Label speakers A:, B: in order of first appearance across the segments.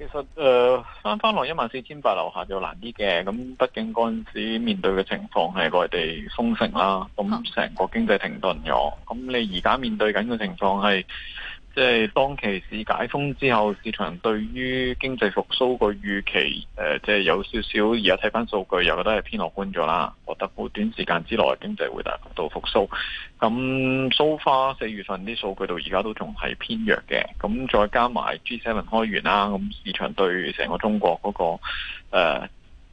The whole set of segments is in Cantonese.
A: 其實誒，翻翻落一萬四千八樓下就難啲嘅，咁畢竟嗰陣時面對嘅情況係內地封城啦，咁成個經濟停頓咗，咁你而家面對緊嘅情況係。即、就、係、是、當期市當其時解封之後，市場對於經濟復甦，個預期，誒、呃，即、就、係、是、有少少，而家睇翻數據，又覺得係偏樂觀咗啦。覺得好短時間之內經濟會大幅度復甦。咁 So far 四月份啲數據到而家都仲係偏弱嘅。咁再加埋 G7 開完啦，咁市場對成個中國嗰、那個、呃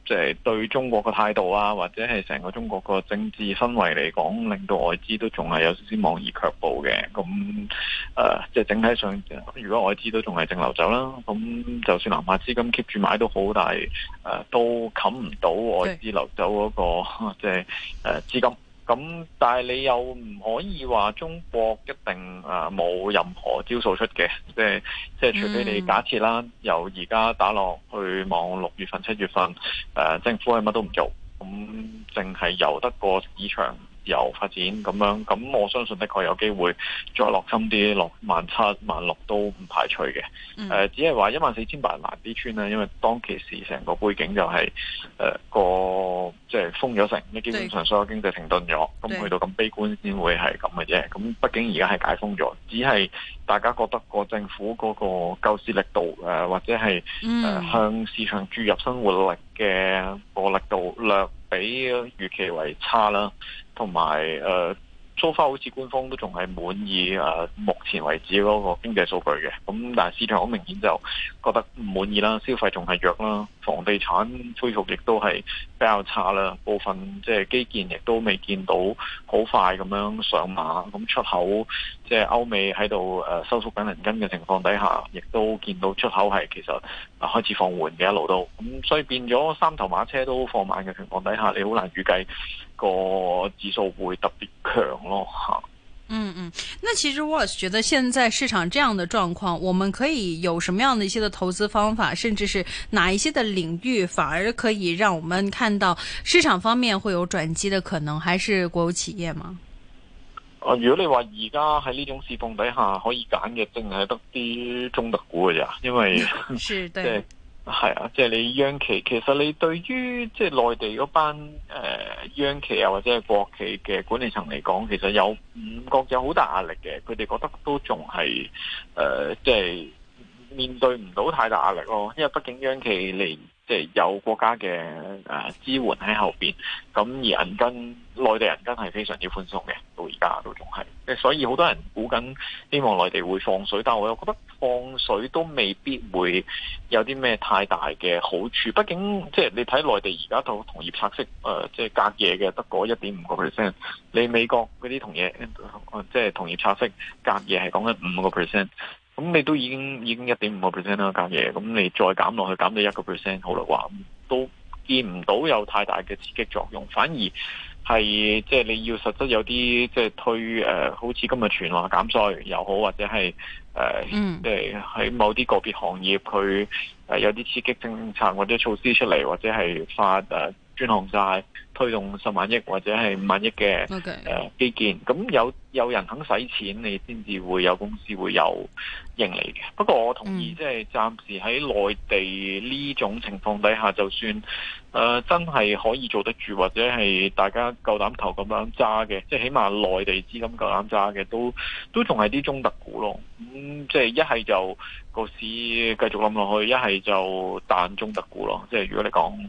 A: 即、就、係、是、對中國嘅態度啊，或者係成個中國個政治氛圍嚟講，令到外資都仲係有少少望而卻步嘅。咁誒，即、呃、係、就是、整體上，如果外資都仲係淨流走啦，咁就算南下資金 keep 住買都好，但係誒、呃、都冚唔到外資流走嗰、那個即係誒資金。咁，但係你又唔可以話中國一定冇任何招數出嘅，即係即係除非你假設啦，嗯、由而家打落去望六月份、七月份，誒政府係乜都唔做，咁淨係由得個市場。由發展咁樣，咁我相信的確有機會再落深啲，落萬七萬六都唔排除嘅。誒、嗯呃，只係話一萬四千八難啲穿啦，因為當其時成個背景就係誒個即係封咗城，即基本上所有經濟停頓咗，咁去到咁悲觀先會係咁嘅啫。咁畢竟而家係解封咗，只係大家覺得個政府嗰個救市力度誒、呃，或者係誒、嗯呃、向市場注入生活力嘅個力度略，比預期為差啦，同埋誒。呃蘇、so、花好似官方都仲係滿意誒、啊，目前為止嗰個經濟數據嘅，咁但係市場好明顯就覺得唔滿意啦，消費仲係弱啦，房地產恢復亦都係比較差啦，部分即係基建亦都未見到好快咁樣上馬，咁出口即係、就是、歐美喺度誒收縮緊銀根嘅情況底下，亦都見到出口係其實開始放緩嘅一路都，咁所以變咗三頭馬車都放慢嘅情況底下，你好難預計個指數會特別強咯吓。嗯嗯，
B: 那其實我覺得，現在市場這樣的狀況，我們可以有什麼樣的一些的投資方法，甚至是哪一些的領域，反而可以讓我們看到市場方面會有轉機的可能？還是國有企業嗎？
A: 啊，如果你話而家喺呢種市況底下可以揀嘅，淨係得啲中特估嘅咋，因為 是對。就是係啊，即係你央企，其實你對於即係內地嗰班誒央企啊，或者係國企嘅管理層嚟講，其實有唔覺有好大壓力嘅，佢哋覺得都仲係誒即係面對唔到太大壓力咯，因為畢竟央企連。即係有國家嘅誒支援喺後邊，咁而銀根內地銀根係非常之寬鬆嘅，到而家都仲係，即係所以好多人估緊希望內地會放水，但係我又覺得放水都未必會有啲咩太大嘅好處，畢竟即係你睇內地而家套同業拆息誒、呃，即係隔夜嘅得嗰一點五個 percent，你美國嗰啲同業即係同業拆息隔夜係講緊五個 percent。咁你都已經已經一點五個 percent 啦，減嘢，咁你再減落去減1%，減到一個 percent，好啦，話都見唔到有太大嘅刺激作用，反而係即係你要實質有啲即係推、呃、好似今日傳話減稅又好，或者係誒，即、呃、喺、即係、某啲個別行業佢有啲刺激政策或者措施出嚟，或者係發誒。呃專項債推動十萬億或者係五萬億嘅誒基建，咁、okay. 呃、有有人肯使錢，你先至會有公司會有盈利嘅。不過我同意，嗯、即係暫時喺內地呢種情況底下，就算誒、呃、真係可以做得住，或者係大家夠膽投咁樣揸嘅，即係起碼內地資金夠膽揸嘅，都都仲係啲中特股咯。咁、嗯、即係一係就個市繼續諗落去，一係就彈中特股咯。即係如果你講。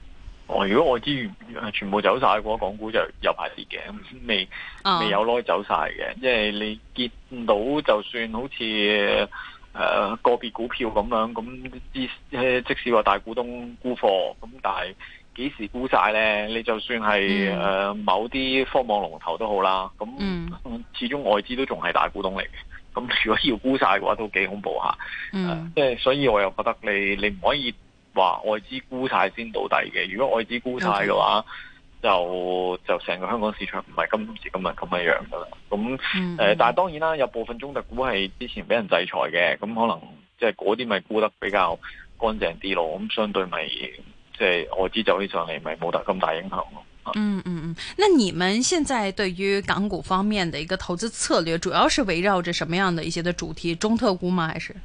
A: 哦，如果外資全部走晒嘅話，港股就有排跌嘅，未未有耐走晒嘅、啊。因為你見到就算好似誒、呃、個別股票咁樣，咁啲即使話大股東沽貨，咁但係幾時沽晒咧？你就算係誒、嗯呃、某啲科網龍頭都好啦，咁、嗯、始終外資都仲係大股東嚟嘅。咁如果要沽晒嘅話，都幾恐怖嚇。嗯，即、呃、係所以我又覺得你你唔可以話外資沽晒先到底嘅。如果外資沽晒嘅話，okay. 就就成個香港市場唔係今時今日咁嘅樣㗎喇。咁、嗯、誒、呃嗯，但係當然啦，有部分中特股係之前俾人制裁嘅，咁可能即係嗰啲咪沽得比較乾淨啲咯。咁相對咪即係外資走起上嚟咪冇得咁大影響咯。
B: 嗯嗯嗯，那你們現在對於港股方面的一個投資策略，主要是圍繞着什麼樣的一些嘅主題？中特股嗎？還是？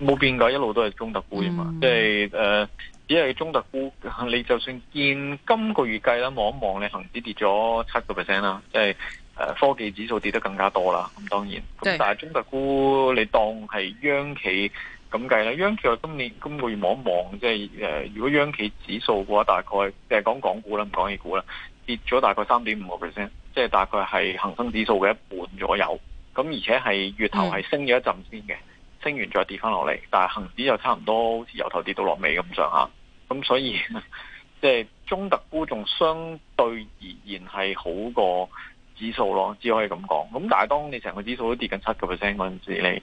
A: 冇變過，一路都係中特估啊嘛，即係誒、只、呃、係中特估。你就算見今個月計啦，望一望，你恒指跌咗七個 percent 啦，即係誒，科技指數跌得更加多啦。咁當然，咁但係中特估，你當係央企咁計啦。央企今年今個月望一望，即係誒，如果央企指數嘅話，大概即係、就是、講港股啦，唔講 A 股啦，跌咗大概三點五個 percent，即係大概係恒生指數嘅一半左右。咁而且係月頭係升咗一陣先嘅。嗯嗯升完再跌翻落嚟，但係恒指又差唔多，由頭跌到落尾咁上下，咁所以即係、就是、中特估仲相對而言係好過指數咯，只可以咁講。咁但係當你成個指數都跌緊七個 percent 嗰陣時，你。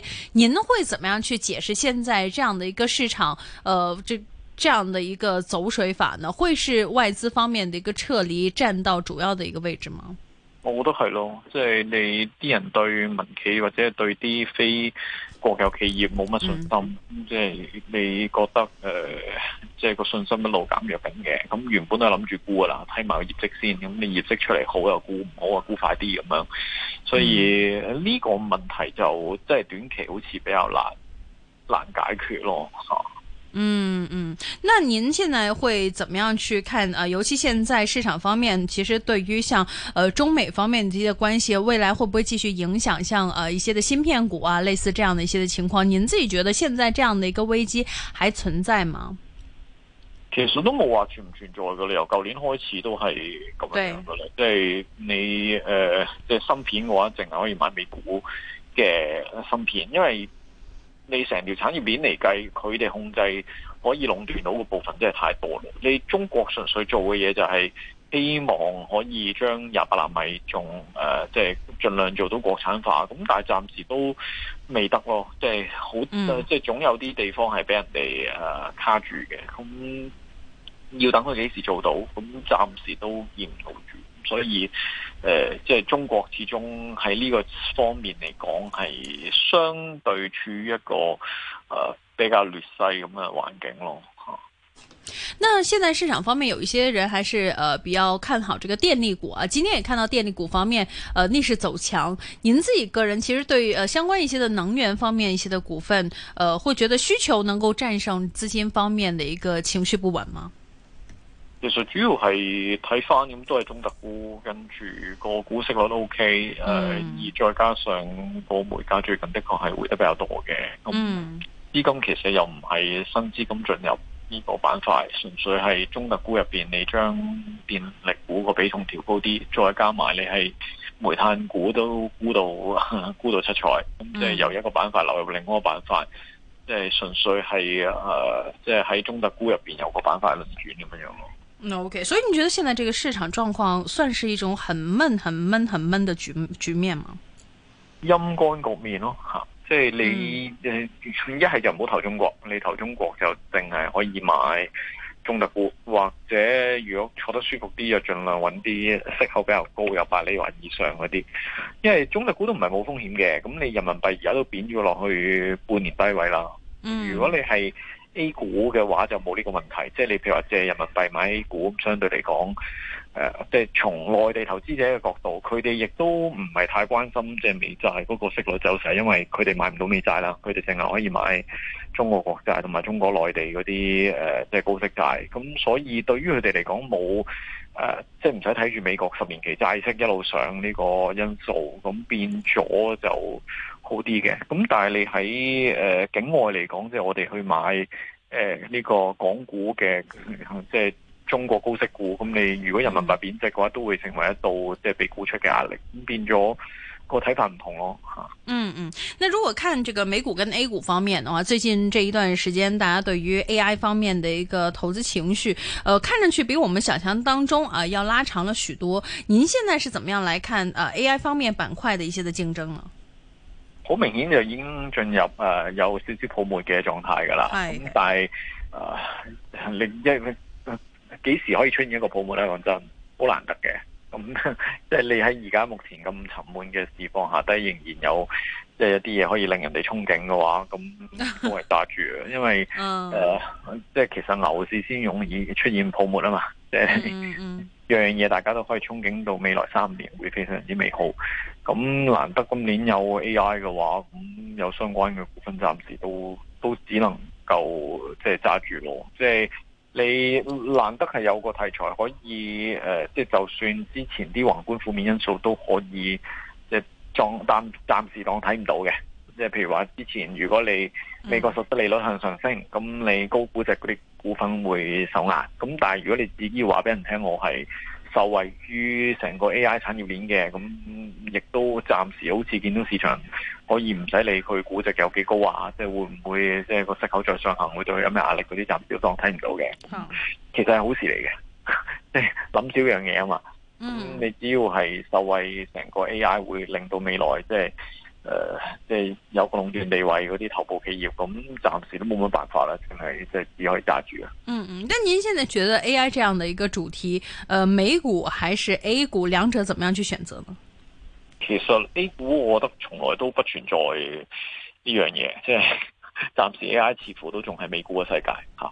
B: 您會怎麼樣去解釋現在這樣的一個市場？呃，這這樣的一個走水法呢，會是外資方面的一個撤離佔到主要的一個位置嗎？
A: 我覺得係咯，即係你啲人對民企或者對啲非國有企業冇乜信心，嗯，即係你覺得誒。呃即係個信心一路減弱緊嘅，咁原本都係諗住沽噶啦，睇埋個業績先。咁你業績出嚟好又沽，唔好啊，沽快啲咁樣。所以呢個問題就即係短期好似比較難難解決咯。嗯嗯，
B: 那您現在會怎麼樣去看啊？尤其現在市場方面，其實對於像誒中美方面啲嘅關係，未來會不會繼續影響？像誒一些的芯片股啊，類似這樣的一些的情況，您自己覺得現在這樣的一個危機還存在嗎？
A: 其實都冇話存唔存在嘅，你由舊年開始都係咁樣嘅啦。即係、就是、你誒，即、呃、係、就是、芯片嘅話，淨係可以買美股嘅芯片，因為你成條產業鏈嚟計，佢哋控制可以壟斷到嘅部分真係太多啦。你中國純粹做嘅嘢就係希望可以將廿八納米仲誒，即係盡量做到國產化。咁但係暫時都未得咯，即係好即係總有啲地方係俾人哋誒卡住嘅。咁要等佢幾時做到？咁暫時都見唔到住，所以誒，即、呃、係、就是、中國始終喺呢個方面嚟講係相對處於一個、呃、比較劣勢咁嘅環境咯。嚇，
B: 那現在市場方面有一些人還是、呃、比較看好這個電力股啊。今天也看到電力股方面誒逆勢走強。您自己個人其實對於相關一些嘅能源方面一些嘅股份，誒、呃、會覺得需求能夠戰勝資金方面的一個情緒不穩嗎？
A: 其實主要係睇翻咁都係中特估，跟住個股息率都 O K，誒，而再加上個煤價最近的確係回得比較多嘅，咁資金其實又唔係新資金進入呢個板塊，純粹係中特估入邊你將電力股個比重調高啲，再加埋你係煤炭股都沽到沽到七彩，咁即係由一個板塊流入另一個板塊，即係純粹係誒，即係喺中特估入邊有個板塊輪轉咁樣樣
B: 咯。OK，所以你覺得現在這個市場狀況算是一種很悶、很悶、很悶的局局面嗎？
A: 陰乾局面咯，吓，即係你一係就唔好投中國，你投中國就淨係可以買中特股，或者如果坐得舒服啲，就盡量揾啲息口比較高、有八厘或以上嗰啲，因為中特股都唔係冇風險嘅，咁你人民幣而家都貶咗落去半年低位啦，嗯，如果你係。A 股嘅話就冇呢個問題，即係你譬如話借人民幣買 A 股，咁相對嚟講，誒、呃，即係從內地投資者嘅角度，佢哋亦都唔係太關心即係美債嗰個息率走勢，因為佢哋買唔到美債啦，佢哋淨係可以買中國國債同埋中國內地嗰啲誒即係高息債，咁所以對於佢哋嚟講冇誒，即係唔使睇住美國十年期債息一路上呢個因素，咁變咗就。好啲嘅，咁但係你喺誒境外嚟講，即係我哋去買誒呢個港股嘅，即係中國高息股，咁你如果人民幣貶值嘅話，都會成為一道即係被沽出嘅壓力，咁變咗個睇法唔同咯吓。嗯
B: 嗯，那如果看這個美股跟 A 股方面嘅話，最近這一段時間，大家對於 AI 方面的一個投資情緒，誒、呃，看上去比我們想象當中啊要拉長了許多。您現在是怎麼樣來看啊、呃、AI 方面板塊的一些的競爭呢？
A: 好明顯就已經進入誒、呃、有少少泡沫嘅狀態㗎啦，咁、嗯、但係誒、呃、你一幾時可以出現一個泡沫咧？講真，好難得嘅，咁即係你喺而家目前咁沉悶嘅市況下，都仍然有。即係一啲嘢可以令人哋憧憬嘅話，咁都係揸住， 因為誒、嗯呃，即係其實樓市先容易出現泡沫啊嘛，即係、嗯嗯、樣樣嘢大家都可以憧憬到未來三年會非常之美好。咁難得今年有 AI 嘅話，咁有相關嘅股份暫時都都只能夠即係揸住咯。即係你難得係有個題材可以誒，即、呃、係就算之前啲宏觀負面因素都可以。暫暫暫時當睇唔到嘅，即係譬如話之前，如果你美國實質利率向上升，咁、嗯、你高估值嗰啲股份會受壓。咁但係如果你自己話俾人聽，我係受惠於成個 A I 產業鏈嘅，咁亦都暫時好似見到市場可以唔使理佢估值有幾高啊，即、就、係、是、會唔會即係個息口再上行會再有咩壓力嗰啲暫時當睇唔到嘅，嗯。其實係好事嚟嘅，諗 少樣嘢啊嘛。嗯，你只要係受惠成個 A I 會令到未來即係誒，即係有個壟斷地位嗰啲頭部企業，咁暫時都冇乜辦法啦，淨係即係只可以揸住。啊。嗯
B: 嗯，但您現在覺得 A I 這樣的一個主題，誒、呃，美股還是 A 股，兩者怎麼樣去選擇呢？
A: 其實 A 股我覺得從來都不存在呢樣嘢，即係暫時 A I 似乎都仲係美股嘅世界啊。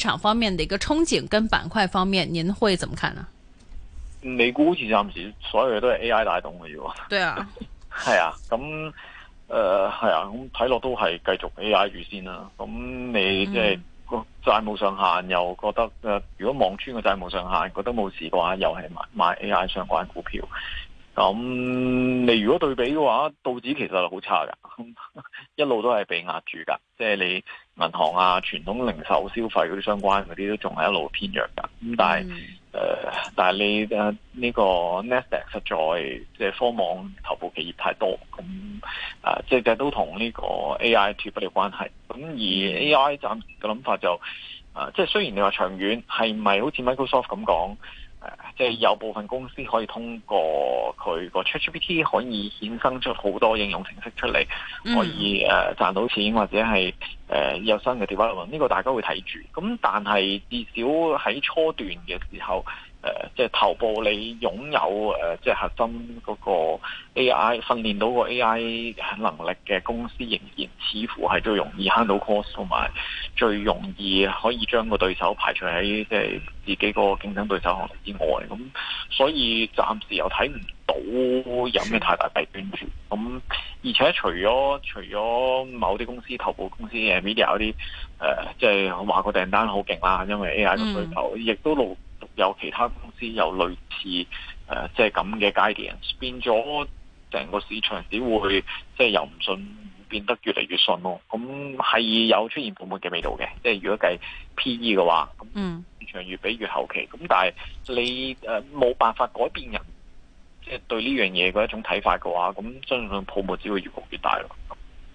B: 市場方面的一個憧憬，跟板塊方面，您會怎麼看呢？
A: 你估住暫時所有嘢都係 AI 帶動嘅要啊？對啊，係 啊，咁誒係啊，咁睇落都係繼續 AI 住先啦，啊。咁你即係個債務上限又覺得誒、嗯，如果望穿個債務上限覺得冇事嘅話，又係買買 AI 相關股票。咁你如果對比嘅話，道指其實係好差噶， 一路都係被壓住噶，即係你。銀行啊，傳統零售消費嗰啲相關嗰啲都仲係一路偏弱㗎。咁但係，誒，但係、嗯呃、你誒呢、啊這個 Nasdaq 實在即係、就是、科網頭部企業太多，咁啊，即、就、係、是、都同呢個 AI 脫不了關係。咁而 AI 暫時嘅諗法就，啊，即、就、係、是、雖然你話長遠係唔係好似 Microsoft 咁講？誒，即係有部分公司可以通過佢個 ChatGPT 可以衍生出好多應用程式出嚟，可以誒賺到錢或者係誒有新嘅 development。呢個大家會睇住。咁但係至少喺初段嘅時候。誒，即係頭部你擁有誒，即係核心嗰個 AI 訓練到個 AI 能力嘅公司，仍然似乎係最容易慳到 cost，同埋最容易可以將個對手排除喺即係自己個競爭對手行列之外。咁所以暫時又睇唔到有咩太大弊端處。咁而且除咗除咗某啲公司頭部公司嘅 media 有啲誒，即係話個訂單好勁啦，因為 AI 嘅需求，亦、嗯、都錄。有其他公司有類似誒即係咁嘅階段，呃就是、這樣的 guidance，變咗成個市場只會即係由唔信，變得越嚟越信咯。咁係有出現泡沫嘅味道嘅，即係如果計 PE 嘅話，咁市場越比越後期。咁但係你誒冇、呃、辦法改變人，即、就、係、是、對呢樣嘢嗰一種睇法嘅話，咁相信泡沫只會越擴越大咯。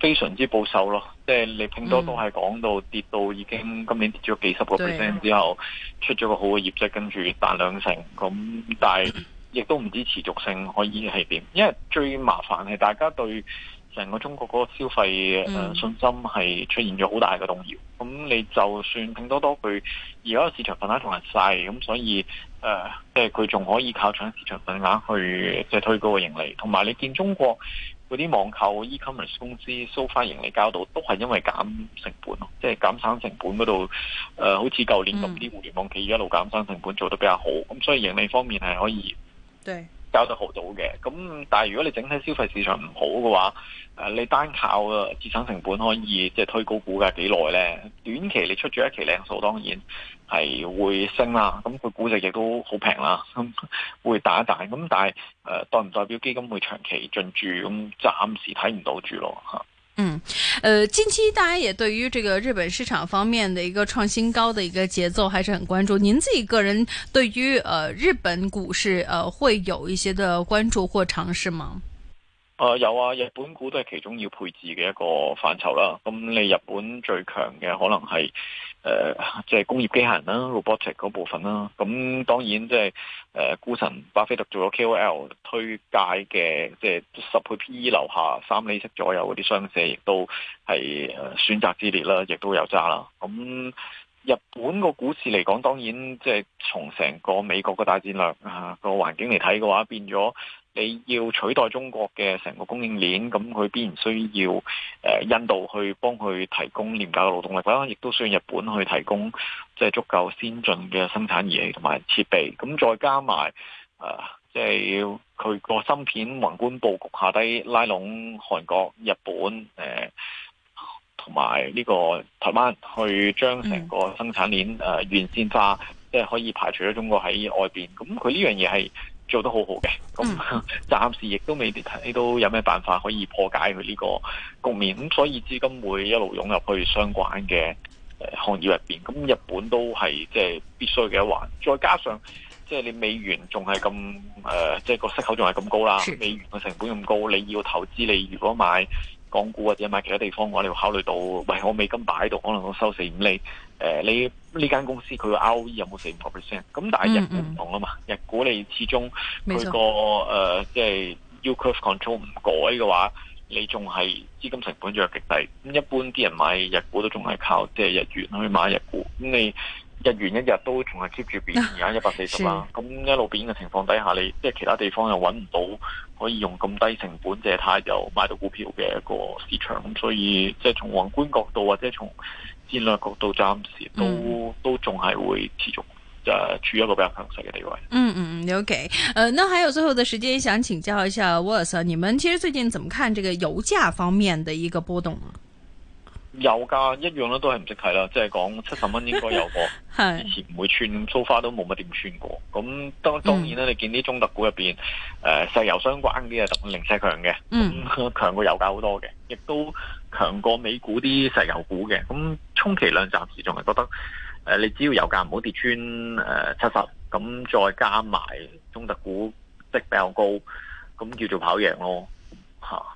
A: 非常之保守咯，即係你拼多多係講到跌到已經今年跌咗幾十個 percent 之後，啊、出咗個好嘅業績，跟住彈兩成，咁但係亦都唔知持續性可以係點，因為最麻煩係大家對成個中國嗰個消費誒信心係出現咗好大嘅動搖，咁、嗯、你就算拼多多佢而家個市場份額仲係細，咁所以誒即係佢仲可以靠搶市場份額去即係推高個盈利，同埋你見中國。嗰啲網購 e-commerce 公司收翻盈利交度，都係因為減成本咯，即係減省成本嗰度，誒、呃，好似舊年咁啲互聯網企業一路減省成本做得比較好，咁、嗯、所以盈利方面係可以。對搞得好到嘅，咁但係如果你整體消費市場唔好嘅話，誒你單靠資產成本可以即係推高股價幾耐呢？短期你出咗一期靚數，當然係會升啦。咁佢估值亦都好平啦，會打一打。咁但係誒代唔代表基金會長期進駐？咁暫時睇唔到住咯嚇。
B: 嗯，呃，近期大家也對於這個日本市場方面的一個創新高的一個節奏還是很關注。您自己個人對於，呃，日本股市，呃，會有一些的關注或嘗試嗎？
A: 呃，有啊，日本股都係其中要配置嘅一個範疇啦。咁你日本最強嘅可能係……誒、呃，即係工業機械人啦，robotic 嗰部分啦。咁當然即係誒，股、呃、神巴菲特做咗 KOL 推介嘅，即係十倍 PE 樓下三厘息左右嗰啲商社，亦都係選擇之列啦，亦都有揸啦。咁日本個股市嚟講，當然即係從成個美國個大戰略啊個環境嚟睇嘅話，變咗。你要取代中國嘅成個供應鏈，咁佢必然需要誒、呃、印度去幫佢提供廉價嘅勞動力啦，亦都需要日本去提供即係、就是、足夠先進嘅生產儀器同埋設備。咁再加埋誒，即係要佢個芯片宏觀佈局下低拉攏韓國、日本誒同埋呢個台灣去將成個生產鏈誒完善化，即、就、係、是、可以排除咗中國喺外邊。咁佢呢樣嘢係做得好好嘅，咁、
B: 嗯嗯、
A: 暫時亦都未睇到有咩辦法可以破解佢呢個局面，咁所以資金會一路湧入去相關嘅行業入邊。咁日本都係即係必須嘅一環，再加上即係、就是、你美元仲係咁誒、即係個息口仲係咁高啦，美元嘅成本咁高，你要投資你如果買港股或者買其他地方嘅話，你要考慮到，喂，我美金擺喺度可能我收四五厘。誒，你。。呢間公司佢個 ROE 有冇四五個 percent？咁但係日股唔同啊嘛，嗯嗯，日股你始終佢、嗰個誒即係 yield curve control 唔改嘅話，你仲係資金成本仲係極低。咁一般啲人買日股都仲係靠即係日元去買日股，咁你。日一維持維持元、啊、一日都仲係 keep 住變，而家一百四十啦。咁一路變嘅情況底下，你即係其他地方又揾唔到可以用咁低成本借貸又買到股票嘅一個市場。咁所以即係從宏觀角度或者從戰略角度，暫時都、嗯、都仲係會持續誒、就是、處於一個比較強勢嘅地位。嗯
B: 嗯嗯，OK。誒，那還有最後嘅時間，想請教一下 Worth，你們其實最近怎麼看這個油價方面嘅一個波動啊？
A: 油噶，一樣咧都係唔識睇啦，即係講七十蚊應該有個， 以前唔會穿，so far 都冇乜點穿過。咁當當然啦，你見啲中特估入邊，誒、嗯呃、石油相關啲啊，特零四強嘅，強過油價好多嘅，亦都強過美股啲石油股嘅。咁充其量暫時仲係覺得，誒、呃、你只要油價唔好跌穿誒、呃、七十，咁再加埋中特估值比較高，咁叫做跑贏咯，嚇、啊。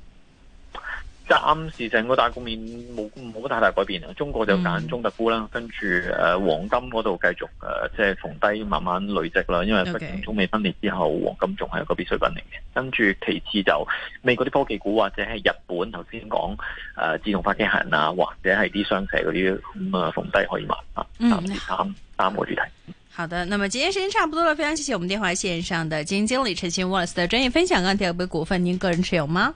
A: 暫、嗯、時、嗯、整個大股面冇冇太大改變啊！中國就揀中特股啦，跟住誒、啊、黃金嗰度繼續誒即係逢低慢慢累積啦。因為畢竟中美分裂之後，黃金仲係個必需品嚟嘅。跟住其次就美國啲科技股或者係日本，頭先講誒自動發械人啊，或者係啲商社嗰啲咁啊，逢低可以買啊。三
B: 三三個主題。好的，那麼今日時間差唔多啦，非常謝謝我們電話線上的基金經理陳鑫博 e 的專業分享。剛剛提股份，您個人持有嗎？